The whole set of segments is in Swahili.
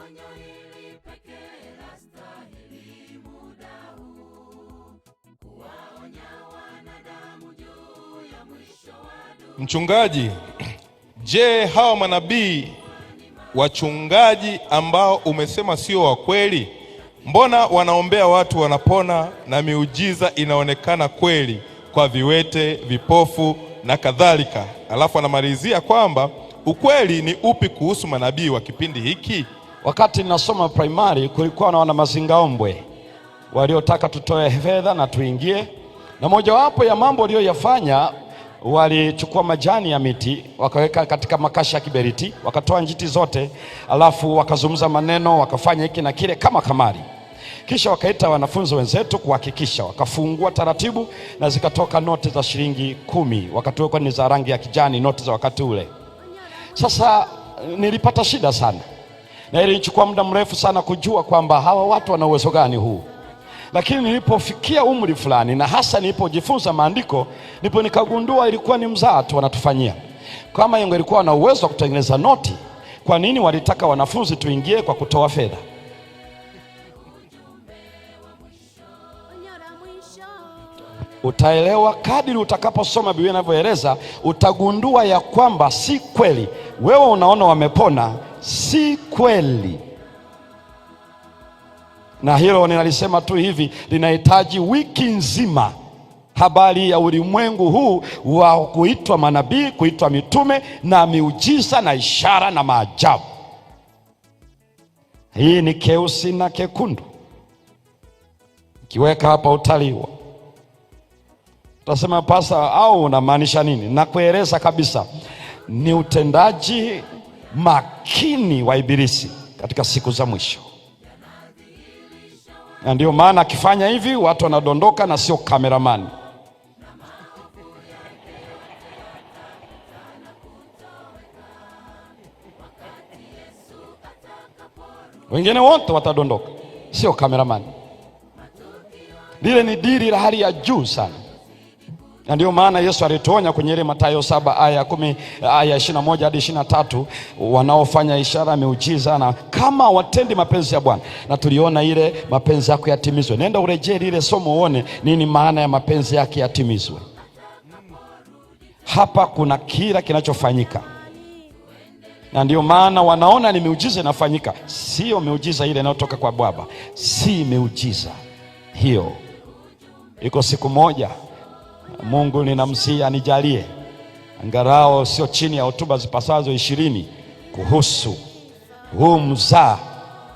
Onyo hili pekee muda huu, kuwaonya wanadamu juu ya mwisho wa dunia. Mchungaji, je, hawa manabii wachungaji ambao umesema sio wa kweli, mbona wanaombea watu wanapona na miujiza inaonekana kweli kwa viwete, vipofu na kadhalika? Alafu anamalizia kwamba ukweli ni upi kuhusu manabii wa kipindi hiki? Wakati ninasoma primary kulikuwa na ombwe waliotaka tutoe fedha na tuingie, na mojawapo ya mambo waliyoyafanya walichukua majani ya miti wakaweka katika makasha ya kiberiti, wakatoa njiti zote, alafu wakazungumza maneno, wakafanya hiki na kile kama kamari. Kisha wakaita wanafunzi wenzetu kuhakikisha, wakafungua taratibu na zikatoka noti za shilingi kumi, wakati ni za rangi ya kijani, noti za wakati ule. Sasa nilipata shida sana na ilinichukua muda mrefu sana kujua kwamba hawa watu wana uwezo gani huu, lakini nilipofikia umri fulani na hasa nilipojifunza maandiko, ndipo nikagundua ilikuwa ni mzaa tu wanatufanyia. Kama ingelikuwa wana uwezo wa kutengeneza noti, kwa nini walitaka wanafunzi tuingie kwa kutoa fedha? Utaelewa kadiri utakaposoma Biblia inavyoeleza, utagundua ya kwamba si kweli. Wewe unaona wamepona si kweli, na hilo ninalisema tu hivi, linahitaji wiki nzima habari ya ulimwengu huu wa kuitwa manabii, kuitwa mitume na miujiza na ishara na maajabu. Hii ni keusi na kekundu. Kiweka hapa utaliwa, utasema pasa, au unamaanisha nini? Nakueleza kabisa, ni utendaji makini wa Ibilisi katika siku za mwisho, na ndiyo maana akifanya hivi watu wanadondoka na sio kameramani. Wengine wote watadondoka, sio kameramani. Lile ni dili la hali ya juu sana. Na ndio maana Yesu alituonya kwenye ile Mathayo saba aya kumi aya ishirini na moja hadi ishirini na tatu wanaofanya ishara miujiza na kama watendi mapenzi ya Bwana, na tuliona ile mapenzi yako yatimizwe. Nenda urejee lile somo uone nini maana ya mapenzi yake yatimizwe. Hapa kuna kila kinachofanyika, na ndio maana wanaona ni miujiza inafanyika. Sio miujiza ile inayotoka kwa Baba, si miujiza hiyo. Iko siku moja Mungu ninamsihi anijalie angarao sio chini ya hotuba zipasazo ishirini kuhusu huu mzaa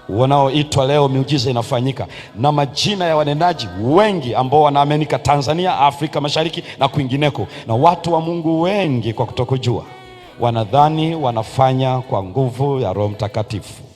wanaoitwa leo miujiza inafanyika na majina ya wanenaji wengi ambao wanaaminika Tanzania, Afrika Mashariki na kwingineko. Na watu wa Mungu wengi kwa kutokujua wanadhani wanafanya kwa nguvu ya Roho Mtakatifu.